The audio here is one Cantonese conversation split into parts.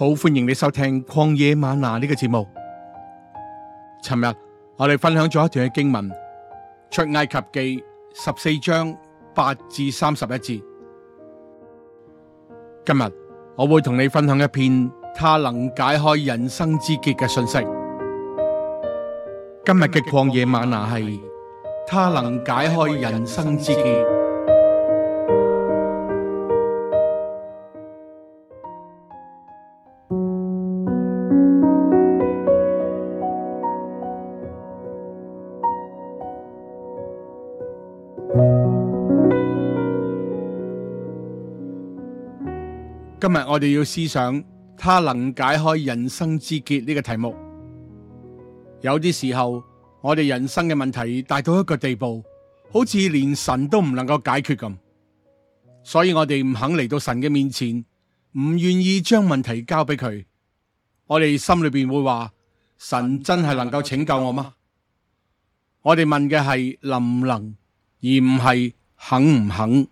好歡迎你收聽曠野嗎哪呢、這個節目。尋日我哋分享咗一段嘅經文《出埃及記》十四章八至三十一節。今日我會同你分享一篇祂能解開人生之結嘅信息。今日嘅曠野嗎哪係祂能解開人生之結。今日我哋要思想，祂能解開人生之結呢個題目。有啲時候，我哋人生嘅問題大到一個地步，好似連神都唔能夠解決咁，所以我哋唔肯嚟到神嘅面前，唔願意將問題交俾佢。我哋心裏邊會話：神真係能夠拯救我嗎？我哋問嘅係能唔能，而唔係肯唔肯。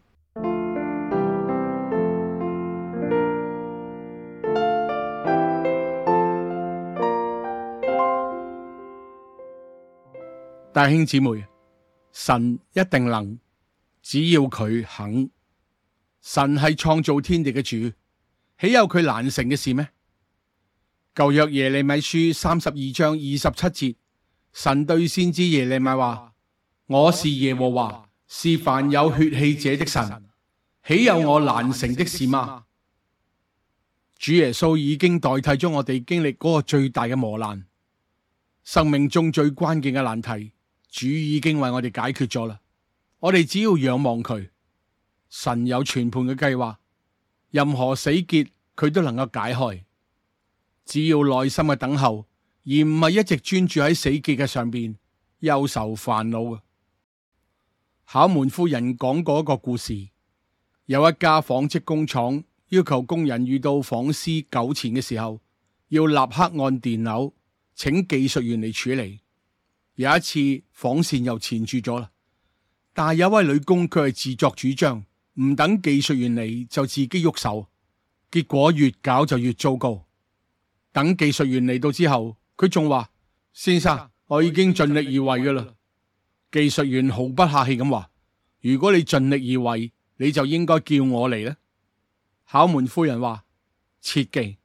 弟兄姊妹，神一定能，只要佢肯。神係創造天地嘅主，豈有佢難成嘅事咩？舊約耶利米書三十二章二十七節，神對先知耶利米話：啊，我是耶和華，是凡有血氣者的神，豈有我難成的事嗎？主耶穌已經代替咗我哋經歷嗰個最大嘅磨難，生命中最關鍵嘅難題。主已經為我哋解決咗啦，我哋只要仰望佢，神有全盤嘅計劃，任何死結佢都能夠解開。只要耐心嘅等候，而唔係一直專注喺死結嘅上邊，憂愁煩惱。考門夫人講過一個故事，有一家紡織工廠要求工人遇到紡絲糾纏嘅時候，要立刻按電鈕，請技術員嚟處理。有一次，紡線又纏住咗啦。但係有位女工，佢係自作主張，唔等技術員嚟就自己喐手，結果越搞就越糟糕。等技術員嚟到之後，佢仲話：先生，我已經盡力而為噶啦。技術員毫不客氣咁話：如果你盡力而為，你就應該叫我嚟咧。考門夫人話：切記，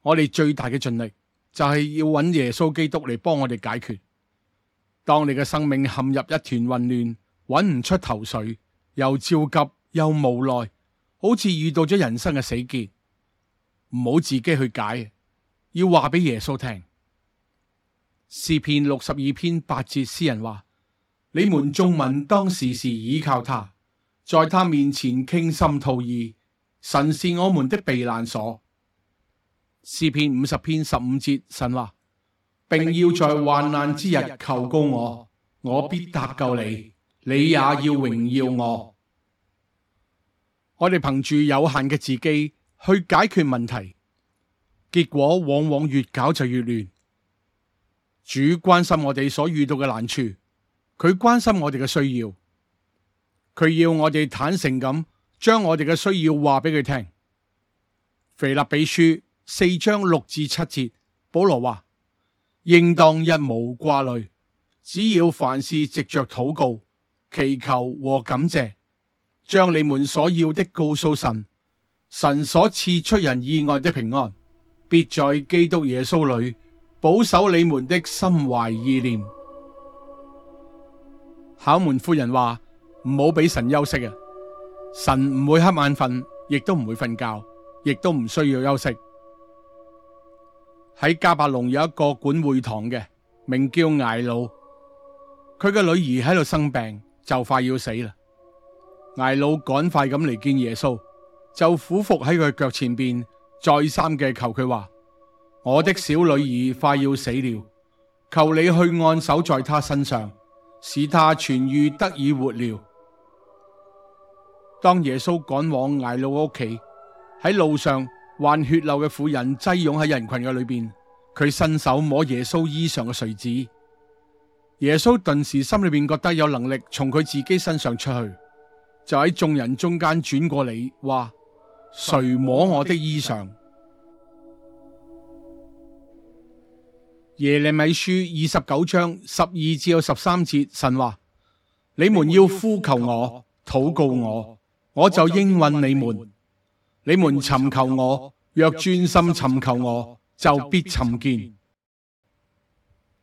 我哋最大嘅盡力就係要揾耶穌基督嚟幫我哋解決。當你嘅生命陷入一團混亂，搵唔出頭緒，又焦急又無奈，好似遇到咗人生嘅死結，唔好自己去解，要話俾耶穌聽。詩篇六十二篇八節，詩人話：你們眾民當時時倚靠他，在他面前傾心吐意，神是我們的避難所。詩篇五十篇十五節，神話。並要在患難之日求告我，我必搭救你。你也要榮耀我。 我哋憑住有限嘅自己去解決問題，結果往往越搞就越亂。主關心我哋所遇到嘅難處，佢關心我哋嘅需要，佢要我哋坦誠咁將我哋嘅需要話俾佢聽。腓立比書四章六至七節，保羅話。應當一無掛慮，只要凡事藉着禱告、祈求和感謝，將你們所要的告訴神。神所賜出人意外的平安，必在基督耶穌裏保守你們的心懷意念。考門夫人話：唔好俾神休息啊！神唔會瞌眼瞓，亦都唔會瞓覺，亦都唔需要休息。喺迦百農有一個管會堂嘅，名叫睚魯，佢嘅女兒喺度生病，就快要死啦。睚魯趕快咁嚟見耶穌，就俯伏喺佢腳前邊，再三嘅求佢話：我的小女兒快要死了，求你去按手在她身上，使她痊愈，得以活了。當耶穌趕往睚魯屋企，喺路上。患血漏嘅婦人擠擁喺人群嘅裏邊，佢伸手摸耶穌衣裳嘅繸子，耶穌頓時心裏邊覺得有能力從佢自己身上出去，就喺眾人中間轉過嚟，話：誰摸我的衣裳？耶利米書二十九章十二至十三節，神話：你們要呼求我，禱告我，我就應允你們。你們尋求我，若專心尋求我，就必尋見。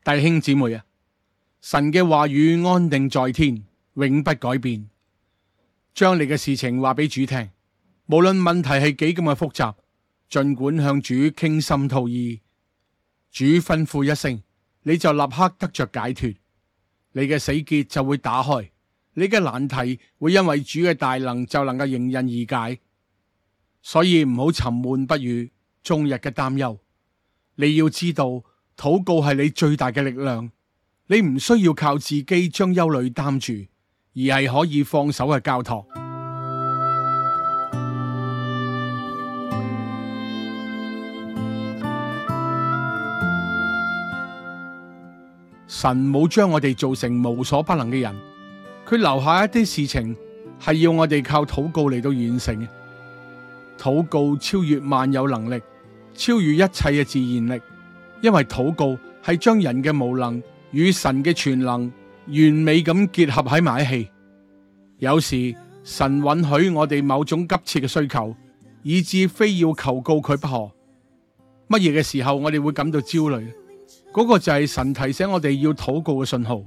弟兄姊妹啊，神嘅話語安定在天，永不改變。將你嘅事情話俾主聽，無論問題係幾咁嘅複雜，盡管向主傾心吐意。主吩咐一聲，你就立刻得着解脱，你嘅死結就會打開，你嘅難題會因為主嘅大能就能夠迎刃而解。所以唔好沉悶不語，終日嘅擔憂。你要知道，禱告係你最大嘅力量。你唔需要靠自己將憂慮擔住，而係可以放手去交託。 神冇將我哋做成無所不能嘅人，佢留下一啲事情係要我哋靠禱告嚟到完成。禱告超越萬有能力，超越一切嘅自然力，因為禱告係將人嘅無能與神嘅全能完美咁結合喺埋一齊。有時神允許我哋某種急切嘅需求，以致非要求告佢不可。乜嘢嘅時候我哋會感到焦慮？嗰個就係神提醒我哋要禱告嘅信號。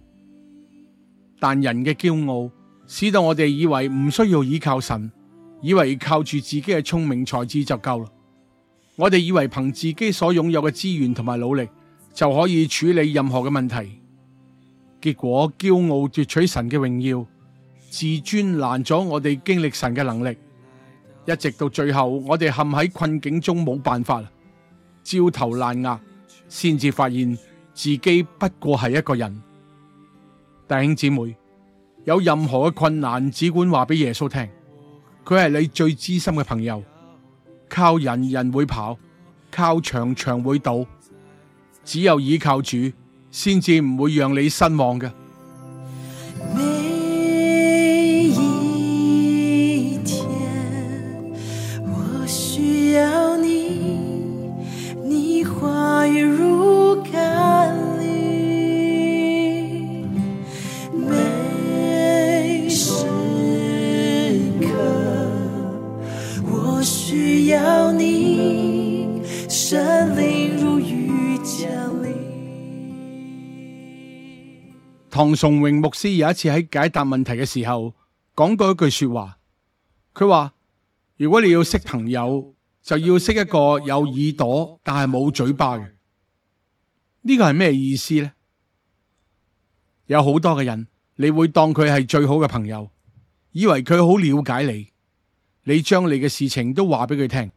但人嘅驕傲使到我哋以為唔需要依靠神。以為靠住自己嘅聰明才智就夠啦，我哋以為憑自己所擁有嘅資源同埋努力就可以處理任何嘅問題，結果驕傲奪取神嘅榮耀，自尊攔阻咗我哋經歷神嘅能力，一直到最後我哋陷喺困境中冇辦法，焦頭爛額，先至發現自己不過係一個人。弟兄姊妹，有任何嘅困難，只管話俾耶穌聽。佢係你最知心嘅朋友，靠人人會跑，靠牆牆會倒，只有倚靠主，先至唔會讓你失望嘅。唐崇榮牧師有一次喺解答問題嘅時候講過一句說話，佢話：如果你要識朋友，就要識一個有耳朵但係冇嘴巴嘅。呢個係咩意思呢？有好多嘅人你會當佢係最好嘅朋友，以為佢好了解你，你將你嘅事情都話俾佢聽，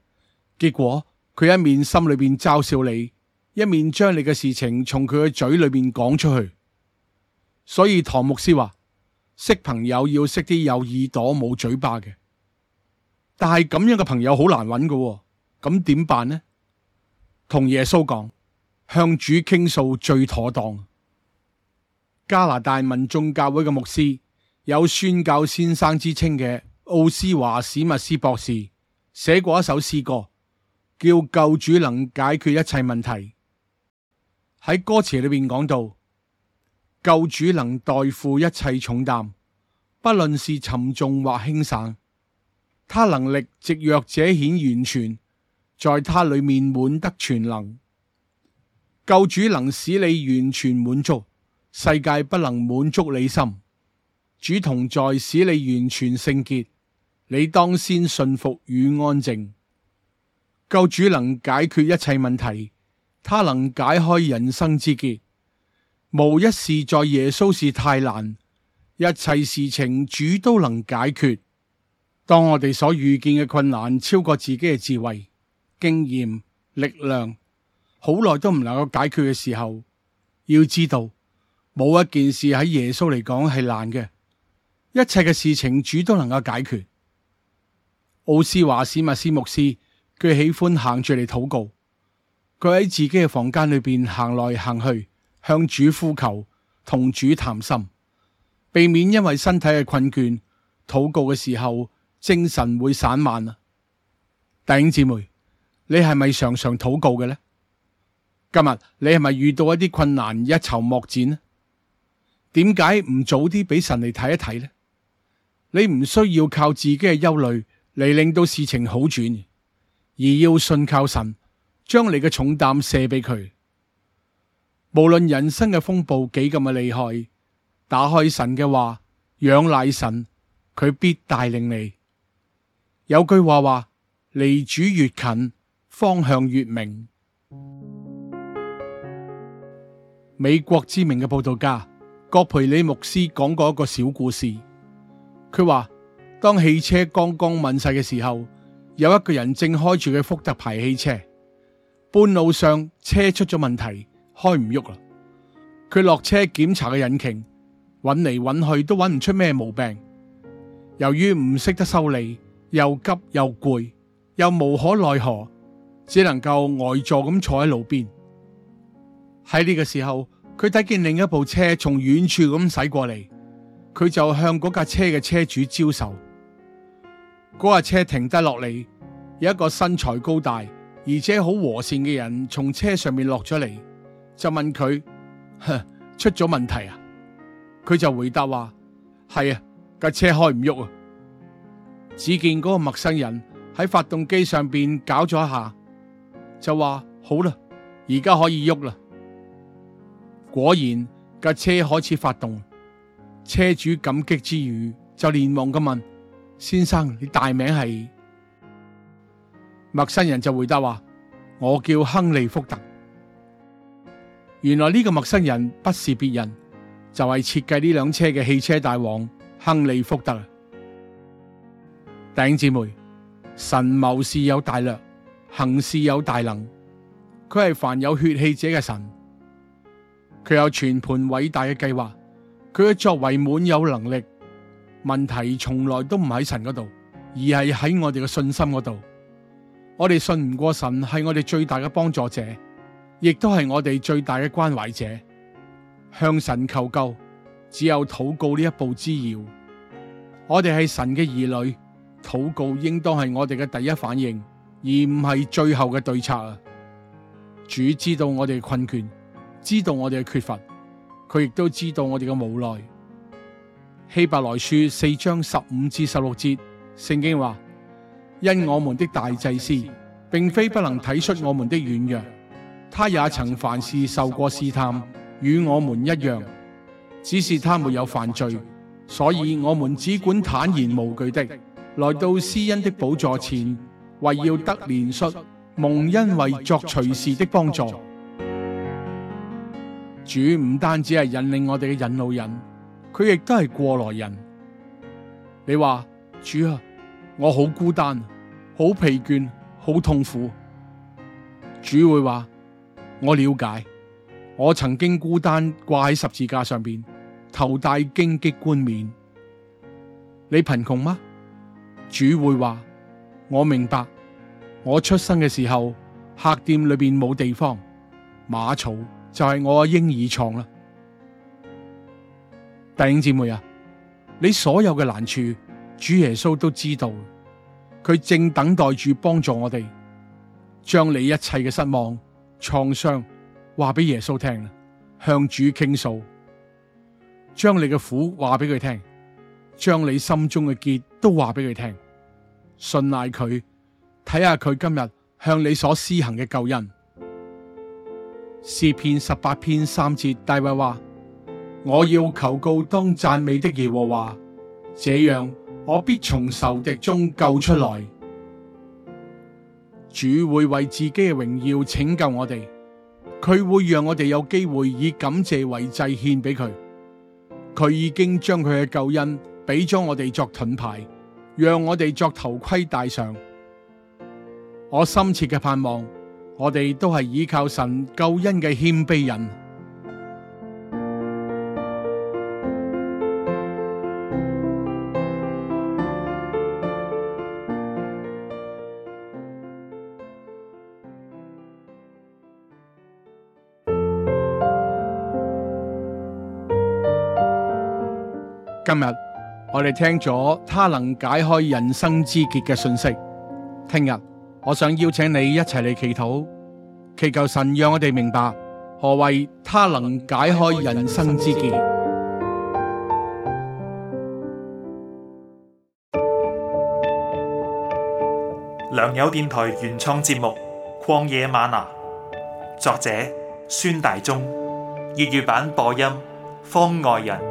結果佢一面心裏邊嘲笑你，一面將你嘅事情從佢嘅嘴裏面講出去。所以唐牧師話：識朋友要識啲有耳朵冇嘴巴嘅，但係咁樣嘅朋友好難揾噶哦。咁點辦呢？同耶穌講，向主傾訴最妥當。加拿大民眾教會嘅牧師，有宣教先生之稱嘅奧斯華史密斯博士，寫過一首詩歌，叫《救主能解決一切問題》。喺歌詞裏邊講到。救主能代付一切重擔，不論是沉重或輕省，他能力直弱者顯完全，在他裏面滿得全能。救主能使你完全滿足，世界不能滿足你心，主同在使你完全聖潔，你當先信服與安靜。救主能解決一切問題，他能解開人生之結。無一事在耶穌是太難，一切事情主都能解決。當我哋所遇見嘅困難超過自己嘅智慧、經驗、力量，好耐都唔能夠解決嘅時候，要知道冇一件事喺耶穌嚟講係難嘅，一切嘅事情主都能夠解決。奧斯華史密斯牧師，佢喜歡行住嚟禱告，佢喺自己嘅房間裏邊行來行去。向主呼求，同主談心，避免因為身體嘅困倦，禱告嘅時候精神會散漫啊！弟兄姊妹，你係咪常常禱告嘅呢？今日你係咪遇到一啲困難一籌莫展呢？點解唔早啲俾神嚟睇一睇呢？你唔需要靠自己嘅憂慮嚟令到事情好轉，而要信靠神，將你嘅重擔卸俾佢。無論人生嘅風暴幾咁嘅厲害，打開神嘅話，仰賴神，佢必帶領你。有句話話：離主越近，方向越明。 美國知名嘅佈道家葛培理牧師講過一個小故事。佢話，當汽車剛剛問世嘅時候，有一個人正開住嘅福特牌汽車，半路上車出咗問題。開唔喐啦，佢落車檢查嘅引擎，揾嚟揾去都揾唔出咩毛病。由於唔識得修理，又急又攰，又無可奈何，只能夠呆坐咁坐喺路邊。喺呢個時候，佢睇見另一部車從遠處咁駛過嚟，佢就向嗰架車嘅車主招手。嗰架車停低落嚟，有一個身材高大而且好和善嘅人從車上面落咗嚟。就問佢，出咗問題啊？佢就回答話係啊，架車開唔喐啊！只見嗰個陌生人喺發動機上邊搞咗一下，就話好啦，而家可以喐啦。果然架車開始發動，車主感激之餘就連忙咁問：先生，你大名係？陌生人就回答話：我叫亨利福特。原來呢個陌生人不是別人，就係、是、設計呢輛車嘅汽車大王亨利福特。弟兄姊妹，神謀事有大略，行事有大能，佢係凡有血氣者嘅神，佢有全盤偉大嘅計劃，佢嘅作為滿有能力。問題從來都唔喺神嗰度，而係喺我哋嘅信心嗰度。我哋信唔過神係我哋最大嘅幫助者。亦都係我哋最大嘅關懷者，向神求救，只有禱告呢一步之遙。我哋係神嘅兒女，禱告應當係我哋嘅第一反應，而唔係最後嘅對策啊。主知道我哋嘅困倦，知道我哋嘅缺乏，佢亦都知道我哋嘅無奈。希伯來書四章十五至十六節，聖經話：因我們的大祭司，並非不能睇出我們的軟弱。他也曾凡事受過試探，與我們一樣，只是他沒有犯罪，所以我們只管坦然無懼的來到施恩的寶座前，為要得憐恤蒙恩惠，作隨時的幫助。嗯、主唔單止係引領我哋嘅引路人，佢亦都係過來人。你話主啊，我好孤單、好疲倦、好痛苦，主會話。我了解，我曾經孤單掛喺十字架上邊，頭戴荊棘冠冕。你貧窮嗎？主會話，我明白。我出生嘅時候，客店裏邊冇地方，馬槽就係我嘅嬰兒床啦。弟兄姊妹啊，你所有嘅難處，主耶穌都知道，佢正等待住幫助我哋，將你一切嘅失望、創傷話俾耶穌聽，向主傾訴，將你嘅苦話俾佢聽，將你心中嘅結都話俾佢聽，信賴佢，睇下佢今日向你所施行嘅救恩。詩篇十八篇三節大衛話：我要求告當讚美的耶和華，這樣我必從仇敵中救出來。主會為自己嘅榮耀拯救我哋，佢會讓我哋有機會以感謝為祭獻俾佢，佢已經將佢嘅救恩俾咗我哋作盾牌，讓我哋作頭盔戴上。我深切嘅盼望，我哋都係依靠神救恩嘅謙卑人。今日我哋聽咗祂能解開人生之結嘅信息，聽日我想邀請你一齊嚟祈禱，祈求神讓我哋明白何謂祂能解開人生之結。良友電台原創節目《曠野嗎哪》，作者孫大中，粵語版播音方外人。